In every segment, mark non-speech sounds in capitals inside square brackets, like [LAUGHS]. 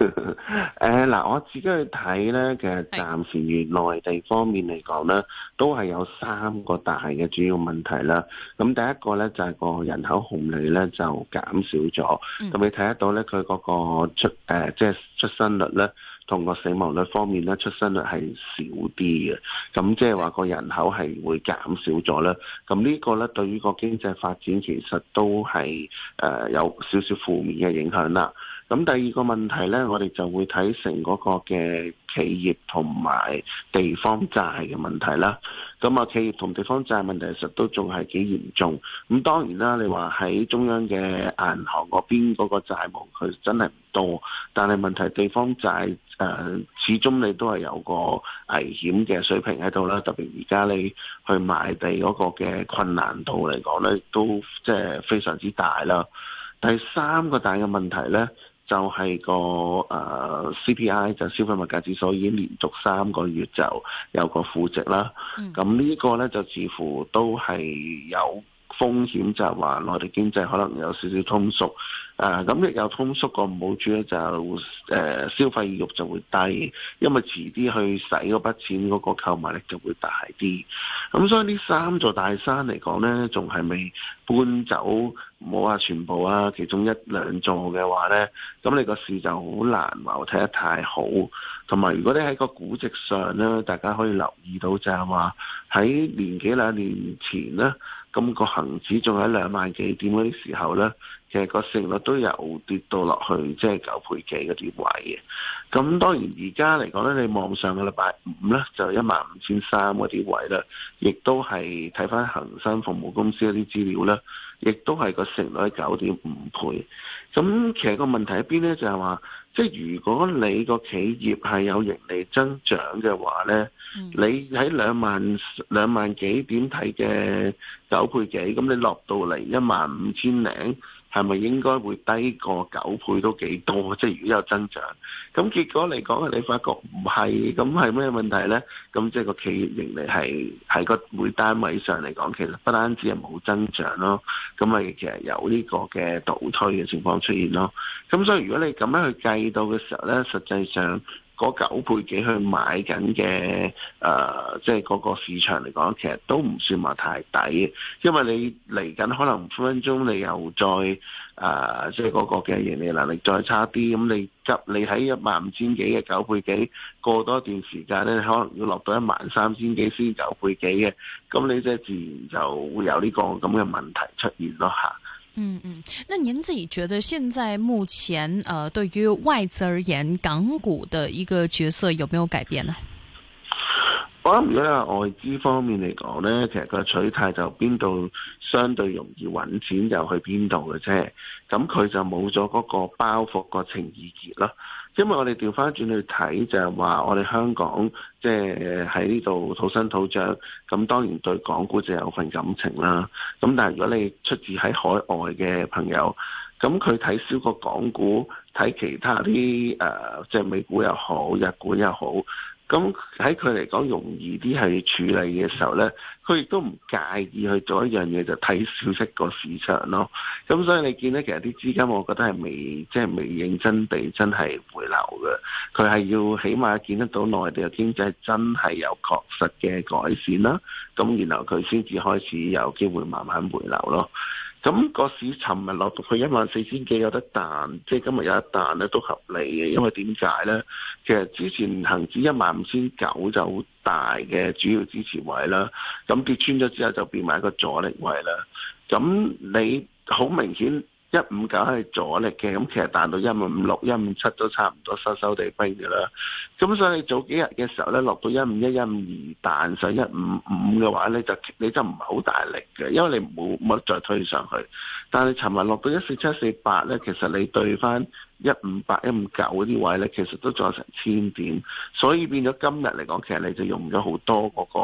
誒，嗱、 [LAUGHS] 呃，我自己去睇咧，其實暫時，內地方面嚟講咧，都係有三個大嘅主要問題啦。咁第一個咧就係、是、個人口紅利咧就減少咗，咁你睇得到咧，佢嗰個出誒，即、呃、係、就是、出生率咧同個死亡率方面咧，出生率係少啲嘅，咁即係話個人口係會減少咗啦。咁呢個咧對於個經濟發展其實都係誒、呃、有少少負面嘅影響啦。咁第二個問題呢，我哋就會睇成嗰個嘅企業同埋地方債嘅問題啦。咁啊，企業同地方債問題實都仲係幾嚴重。咁當然啦，你話喺中央嘅銀行嗰邊嗰個債務佢真係唔多，但係問題地方債誒、呃，始終你都係有個危險嘅水平喺度啦。特別而家你去賣地嗰個嘅困難度嚟講呢都即係非常之大啦。第三個大嘅問題呢，就係個誒 CPI 就消費物價指數已經連續三個月就有個負值啦，咁呢、mm. 個咧就似乎都係有風險，就話內地經濟可能有少少通縮。誒咁，啊、亦有通縮個唔好處咧，就誒、呃、消費慾就會低，因為遲啲去使嗰筆錢，嗰、那個購買力就會大啲。咁所以呢三座大山嚟講咧，仲係未搬走，唔好話全部啊，其中一兩座嘅話咧，咁你個市就好難話睇得太好。同埋，如果你喺個估值上咧，大家可以留意到就係話喺年幾兩年前咧，咁、那個恆指仲喺兩萬幾點嗰啲時候咧。其實個成率都有跌到落去，即係九倍幾嗰啲位嘅。咁當然而家嚟講咧，你望上個禮拜五咧，就一萬五千三嗰啲位啦，亦都係睇翻恒生服務公司嗰啲資料啦，亦都係個成率係九點五倍。咁其實個問題喺邊咧？就係、是、話，即係如果你個企業係有盈利增長嘅話咧，嗯、你喺兩萬兩萬幾點睇嘅九倍幾，咁你落到嚟一萬五千零。係咪應該會低過九倍都幾多？即係如果有增長，咁結果嚟講，你發覺唔係，咁係咩問題呢？咁即係個企業盈利係喺個每單位上嚟講，其實不單止係冇增長咯，咁咪其實有呢個嘅倒退嘅情況出現咯。咁所以如果你咁樣去計到嘅時候呢，實際上，九倍幾去買緊嘅，誒、呃，即係嗰個市場嚟講，其實都唔算話太抵，因為你嚟緊可能分分鐘你又再誒，即係嗰個嘅盈利能力再差啲，咁你執你喺一萬五千幾嘅九倍幾過多一段時間咧，可能要落到一萬三千幾先九倍幾嘅，咁你即係自然就會有呢個咁嘅問題出現咯嚇。嗯嗯，那您自己覺得現在目前，誒、呃，對於外資而言，港股的一個角色有沒有改變呢？我諗如果外資方面嚟講呢，其實個取態就邊度相對容易揾錢就去邊度嘅啫，咁佢就冇咗嗰個包袱個情意結啦。因為我哋調翻轉去睇，就係話我哋香港即係喺呢度土生土長，咁當然對港股就有份感情啦。咁但係如果你出自喺海外嘅朋友，咁佢睇少過港股，睇其他啲誒，即係美股又好，日股又好。咁喺佢嚟講容易啲去處理嘅時候呢，佢亦都唔介意去做一樣嘢，就睇、是、消息個市場咯。咁所以你見呢，其實啲資金，我覺得係未即係、就是、未認真地真係回流嘅。佢係要起碼見得到內地嘅經濟真係有確實嘅改善啦，咁然後佢先至開始有機會慢慢回流咯。咁個市尋日落到去一萬四千幾有得彈，即係今日有得彈咧都合理嘅，因為點解咧？其實之前恆指一萬五千九就好大嘅主要支持位啦，咁跌穿咗之後就變埋一個阻力位啦。咁你好明顯。一五九係阻力嘅，咁其實彈到一五五六、一五七都差唔多收收地飛嘅啦。咁所以你早幾日嘅時候咧，落到一五一、一五二彈上一五五嘅話咧，就你就唔係好大力嘅，因為你冇冇得再推上去。但係尋日落到一四七、四八咧，其實你對返。一五八、一五九嗰啲位咧，其實都仲有成千點，所以變咗今日嚟講，其實你就用咗好多嗰、那個、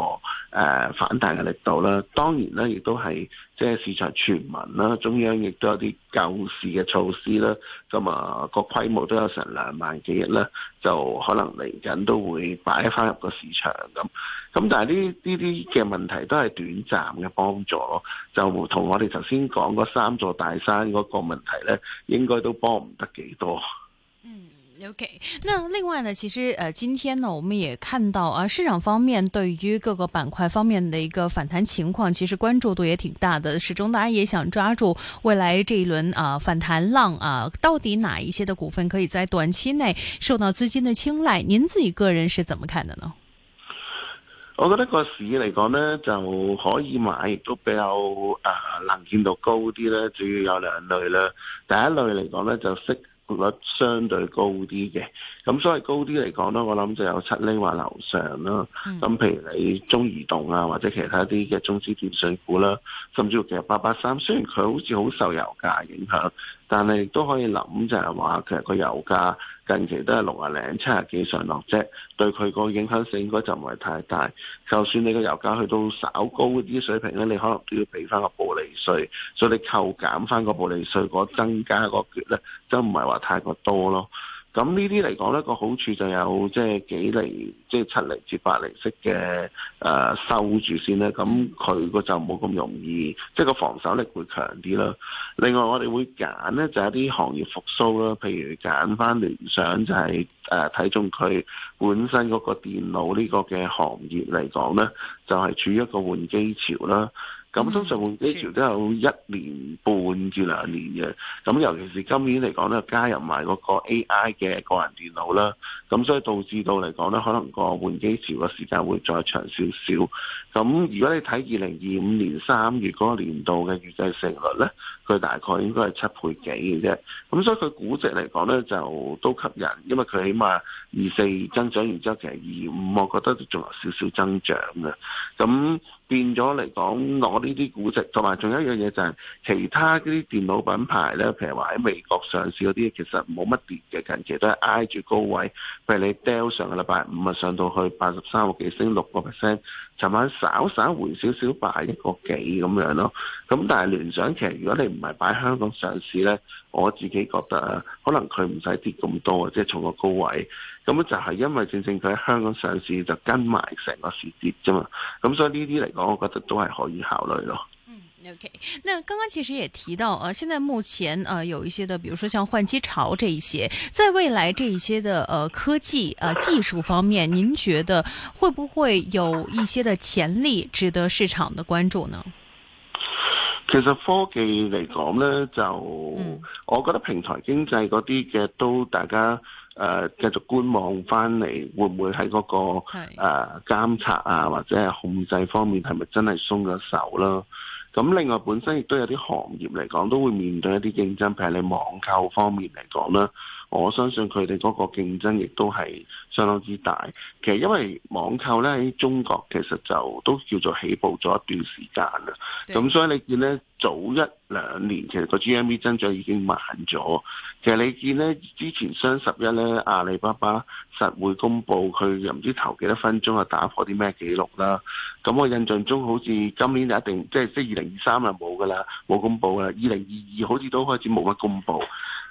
呃、反彈嘅力度啦。當然啦，亦都係即係市場傳聞啦，中央亦都有啲救市嘅措施啦，咁、嗯、啊、呃、個規模都有成兩萬幾億啦。就可能嚟緊都會擺翻入個市場，咁。咁但係呢，呢啲嘅問題都係短暫嘅幫助咯，就同我哋頭先講嗰三座大山嗰個問題呢，應該都幫唔得幾多。 [MUSIC] [MUSIC] [MUSIC] [MUSIC] OK，那另外呢，其實，誒，今天呢，我們也看到啊，市場方面對於各個板塊方面的一個反彈情況，其實關注度也挺大的。始終大家也想抓住未來這一輪啊反彈浪啊，到底哪一些的股份可以在短期內受到資金的青睞？您自己個人是怎麼看的呢？我覺得個市嚟講呢，就可以買，亦都比較誒、呃、能見度高啲咧。主要有兩類啦，第一類嚟講呢，就息率相對高啲嘅，咁所以高啲嚟講咧，我諗就有七厘或樓上啦。咁譬如你中移動啊，或者其他啲嘅中資電信股啦、啊，甚至乎其實八八三，雖然佢好似好受油價影響。但係亦都可以諗就係話，其實個油價近期都係六啊零七啊幾上落啫，對佢個影響性應該就唔係太大。就算你個油價去到稍高啲水平咧，你可能都要俾翻個暴利稅，所以你扣減翻個暴利稅，嗰增加個缺咧就唔係話太過多咯。咁呢啲嚟講呢個好處就有即係幾厘，即係七厘至八厘息嘅誒收住先咧。咁佢個就冇咁容易，即係個防守力會強啲咯。另外，我哋會揀呢，就係啲行業復甦啦，譬如揀返聯想就係誒睇中佢本身嗰個電腦呢個嘅行業嚟講呢就係、是、處於一個換機潮啦。咁通常換機潮都有一年半至兩年嘅，咁尤其是今年嚟講咧，加入埋嗰個 AI 嘅個人電腦啦，咁所以導致到嚟講咧，可能個換機潮嘅時間會再長少少。咁如果你睇二零二五年三月嗰個年度嘅預計市盈率咧，佢大概應該係七倍幾嘅啫。咁所以佢估值嚟講咧就都吸引，因為佢起碼二四增長完之後，其實二五我覺得仲有少少增長嘅。咁變咗嚟講，我。呢啲估值，同埋仲有一樣嘢就係其他啲電腦品牌咧，譬如話喺美國上市嗰啲，其實冇乜跌嘅。近期都係挨住高位，譬如你 Dell 上個禮拜五啊，上到去八十三個幾，升六個 percent。尋晚稍稍回少少，八十一個幾咁樣咯。咁但係聯想其實如果你唔係擺香港上市咧，我自己覺得啊，可能佢唔使跌咁多，即係從個高位。咁就係因為正正佢喺香港上市，就跟埋成個市跌啫嘛。咁所以呢啲嚟講，我覺得都係可以考慮咯。嗯，OK。那剛剛其實也提到，啊、呃，現在目前啊，有一些的，比如說像換機潮這一些，在未來這一些的，呃，科技啊、呃、技術方面，您覺得會不會有一些的潛力值得市場的關注呢？其實科技嚟講呢，就我覺得平台經濟嗰啲嘅都大家。誒、uh, 繼續觀望翻嚟，會唔會喺嗰、嗰個誒是、啊、監察啊，或者係控制方面是是，係咪真係鬆咗手啦？咁另外本身亦都有啲行業嚟講，都會面對一啲競爭，譬如你網購方面嚟講啦。我相信佢哋嗰個競爭亦都係相當之大。其實因為網購咧，喺中國其實就都叫做起步咗一段時間啦。咁對所以你見咧，早一兩年其實個 GMV 增長已經慢咗。其實你見咧，之前雙十一咧，阿里巴巴實會公布佢又唔知頭幾多分鐘啊，打破啲咩記錄啦。咁我印象中好似今年就一定即係即係二零二三就冇㗎啦，冇公布啦。二零二二好似都開始冇乜公布。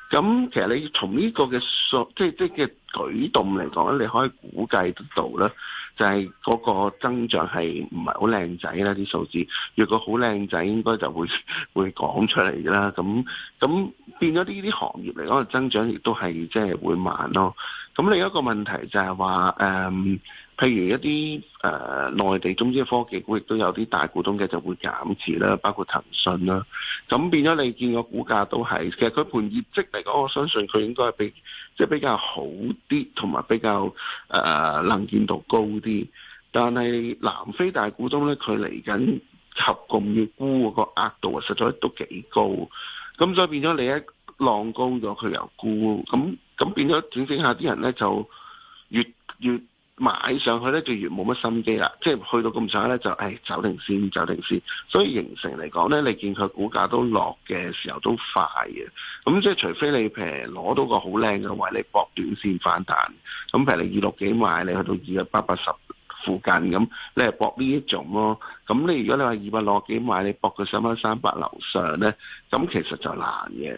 咁其實你從呢個嘅數，即係即係嘅舉動嚟講咧，你可以估計得到咧，就係嗰個增長係唔係好靚仔啦。啲數字若果好靚仔，應該就會會講出嚟噶啦。咁咁變咗呢啲行業嚟講，增長亦都係即係會慢咯。咁另一個問題就係話誒，譬如一啲誒、呃、內地中資科技股，亦都有啲大股東嘅就會減持啦，包括騰訊啦。咁變咗你見個股價都係，其實佢盤業績嚟講，我相信佢應該係比即係、就是、比較好啲，同埋比較誒、呃、能見度高啲。但係南非大股東咧，佢嚟緊合共要沽個額度啊，實在都幾高。咁所以變咗你一浪高咗，佢又沽咁。咁變咗調整下，啲人咧就越越買上去咧，就越冇乜心機啦。即係去到咁上下咧，就誒走定先，走定先。所以形成嚟講咧，你見佢股價都落嘅時候都快嘅。咁即係除非你平攞到個好靚嘅位，你搏短線反彈。咁譬如你二六幾買，你去到二百八八十附近咁，你係搏呢一種咯。咁你如果你話二百六幾買，你搏佢上翻三百樓上咧，咁其實就難嘅。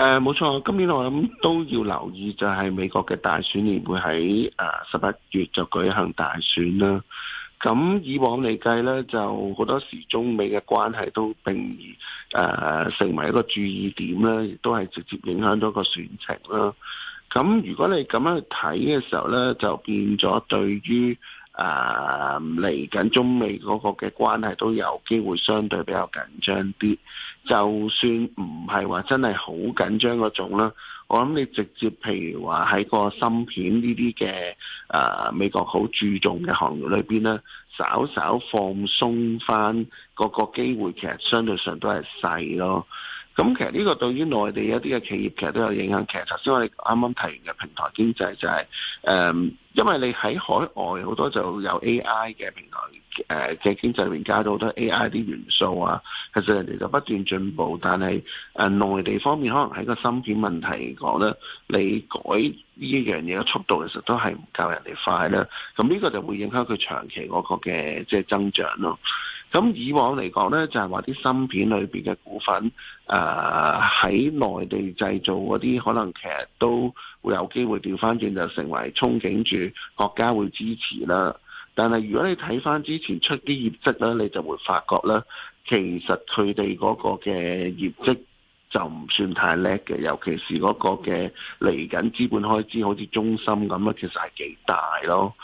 誒，冇錯，嗯，今年我諗都要留意，就係美國嘅大選年，會喺誒十一月就舉行大選啦。咁以往嚟計呢，就好多時中美嘅關係都並唔、呃、成為一個注意點啦，亦都係直接影響到個選情啦。咁如果你咁樣去睇嘅時候呢，就變咗對於，啊，嚟緊中美嗰個嘅關係都有機會相對比較緊張啲，就算唔係話真係好緊張嗰種啦，我諗你直接譬如話喺個芯片呢啲嘅啊美國好注重嘅行業裏邊咧，稍稍放鬆返嗰個機會，其實相對上都係細咯。咁其實呢個對於內地一啲嘅企業其實都有影響。其實頭先我哋啱啱提完嘅平台經濟就係、是、誒、嗯，因為你喺海外好多就有 AI 嘅平台誒嘅、呃、經濟裏面加咗好多 AI 啲元素啊。其實人哋就不斷進步，但係誒內地方面可能喺個芯片問題嚟講咧，你改呢一樣嘢嘅速度其實都係唔夠人哋快啦。咁、嗯、呢、嗯這個就會影響佢長期嗰個嘅即係增長咯。咁以往嚟講咧，就係話啲芯片裏邊嘅股份，誒喺內地製造嗰啲，可能其實都會有機會調翻轉，就成為憧憬住國家會支持啦。但係如果你睇翻之前出啲業績咧，你就會發覺咧，其實佢哋嗰個嘅業績就唔算太叻嘅，尤其是嗰個嘅嚟緊資本開支，好似中芯咁啊，其實係幾大咯。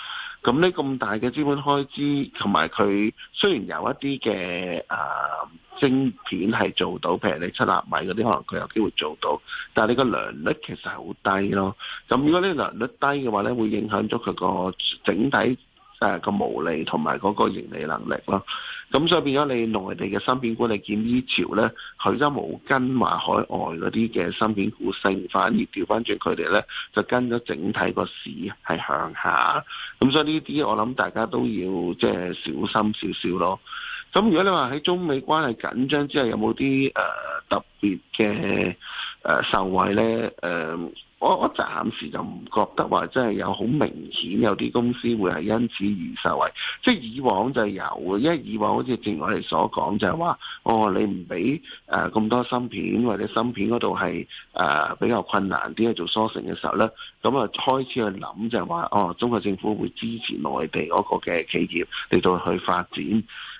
咁呢咁大嘅資本開支，同埋佢雖然有一啲嘅誒晶片係做到，譬如你七納米嗰啲可能佢有機會做到，但係你個良率其實係好低咯。咁、嗯、如果呢個良率低嘅話咧，會影響咗佢個整體誒個毛利同埋嗰個盈利能力咯。咁所以變咗，你內地嘅芯片管理見醫潮呢潮咧，佢就冇跟埋海外嗰啲嘅芯片股升，反而調翻轉佢哋咧，就跟咗整體個市係向下。咁所以呢啲我諗大家都要即係、就是、小心少少咯。咁如果你話喺中美關係緊張之後，有冇啲誒特別嘅誒、呃、受惠咧？誒、呃？我我暫時就唔覺得話真係有好明顯有啲公司會係因此而受惠，即係以往就係有嘅，因為以往好似正如我哋所講就係話，哦你唔俾誒咁多芯片或者芯片嗰度係誒比較困難啲去做蘇城嘅時候咧，咁啊開始去諗就係話，哦中國政府會支持內地嗰個嘅企業嚟到去發展，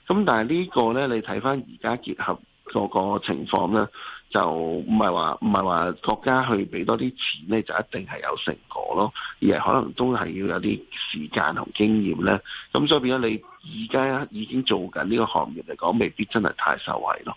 咁但係呢個咧你睇返而家結合嗰個情況咧。就唔係話唔係話國家去俾多啲錢咧，就一定係有成果咯，而係可能都係要有啲時間同經驗咧。咁所以變咗你而家已經做緊呢個行業嚟講，未必真係太受惠咯。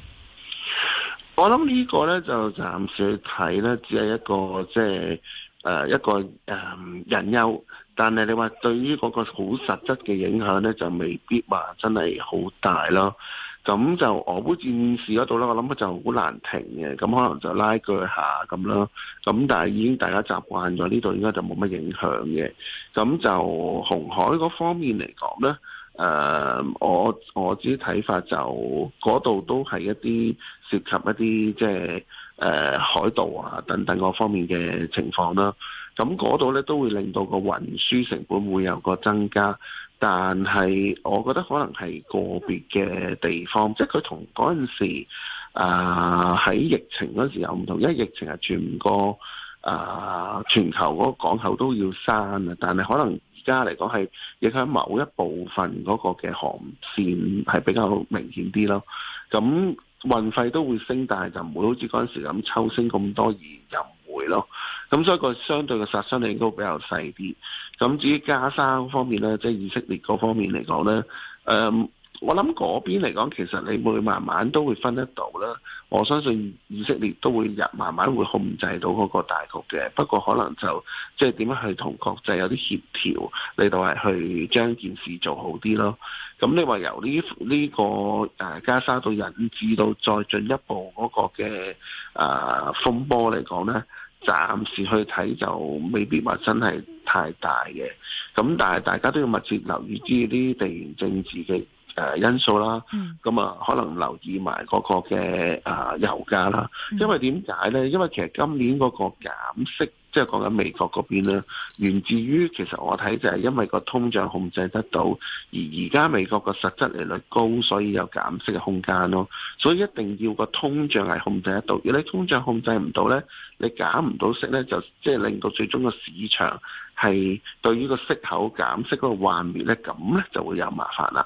我諗呢個呢，就暫時睇咧，只係一個即係、就是呃、一個誒、呃、隱憂，但係你話對於嗰個好實質嘅影響呢，就未必話真係好大咯。咁就俄烏戰事嗰度呢，我諗就好難停嘅，咁可能就拉鋸下咁啦。咁但係已經大家習慣咗呢度，應該就冇乜影響嘅。咁就紅海嗰方面嚟講呢。誒、uh，我我啲睇法就嗰，是，度都係一啲涉及一啲即係誒、呃、海盜啊等等各方面嘅情況啦。咁嗰度咧都會令到個運輸成本會有個增加，但係我覺得可能係個別嘅地方，即係佢同嗰陣時喺，呃、疫情嗰陣時候有唔同，因為疫情係全個啊、呃、全球嗰個港口都要閂啊，但係可能。而家嚟講係影響某一部分嗰個嘅航線係比較明顯啲咯，咁運費都會升，但係就唔會好似嗰陣時咁抽升咁多而又唔會咯，咁所以個相對嘅殺傷力都比較細啲。咁至於加沙方面咧，即係以色列嗰方面嚟講咧，誒、嗯。我諗嗰邊嚟講，其實你會慢慢都會分得到啦。我相信以色列都會入，慢慢會控制到嗰個大局嘅。不過可能就即係點樣去同國際有啲協調你到係去將件事做好啲咯。咁、嗯、你話由呢、呢、呢個誒、呢個呃、加沙到引致到再進一步嗰個嘅誒、呃、風波嚟講呢，暫時去睇就未必話真係太大嘅。咁、嗯、但係大家都要密切留意啲啲地緣政治嘅。誒，因素啦，咁啊、嗯，可能留意埋嗰個嘅誒油價啦。嗯、因為點解咧？因為其實今年嗰個減息，即係講緊美國嗰邊咧，源自於其實我睇就係因為個通脹控制得到，而而家美國個實質利率高，所以有減息嘅空間咯。所以一定要個通脹係控制得到。如果你通脹控制唔到咧，你減唔到息咧，就即係令到最終個市場係對於個息口減息嗰個幻滅咧，咁咧就會有麻煩啦。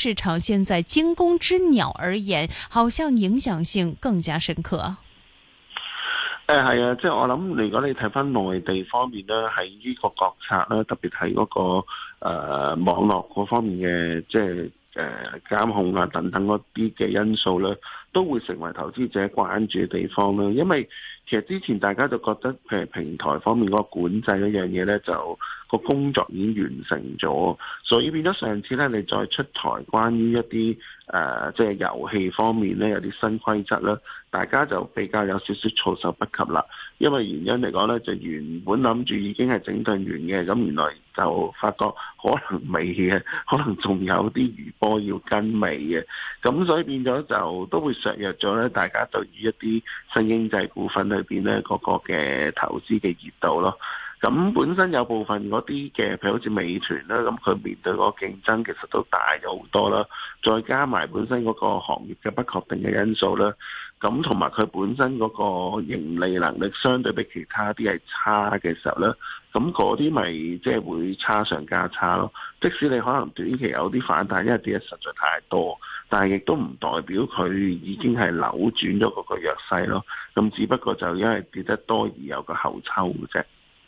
市場現在驚弓之鳥而言，好像影響性更加深刻。誒、呃，係啊，即係我諗，如果你睇翻內地方面咧，喺呢個國策咧，特別係嗰、那個誒、呃、網絡嗰方面嘅，即係誒監控啊等等嗰啲嘅因素咧，都會成為投資者關注嘅地方啦，因為。其實之前大家就覺得誒平台方面嗰個管制嗰樣嘢呢，就個工作已經完成咗，所以變咗上次呢，你再出台關於一啲誒、呃、即係遊戲方面呢，有啲新規則啦，大家就比較有少少措手不及啦。因為原因嚟講呢，就原本諗住已經係整頓完嘅，咁原來就發覺可能未嘅，可能仲有啲餘波要跟尾嘅，咁所以變咗就都會削弱咗呢大家對於一啲新經濟股份咧。裏邊咧，各個嘅投資嘅熱度咯，咁本身有部分嗰啲嘅，譬如好似美團啦，咁佢面對嗰個競爭，其實都大咗好多啦。再加埋本身嗰個行業嘅不確定嘅因素啦，咁同埋佢本身嗰個盈利能力相對比其他啲係差嘅時候咧，咁嗰啲咪即係會差上加差咯。即使你可能短期有啲反彈，因為啲嘢實在太多。但係亦都唔代表佢已經係扭轉咗嗰個弱勢咯，咁只不過就因為跌得多而有個後抽嘅啫。